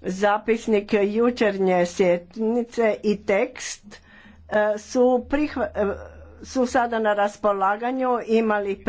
Zapisnik jučernje sjednice i tekst eh, eh, su, sada na raspolaganju imali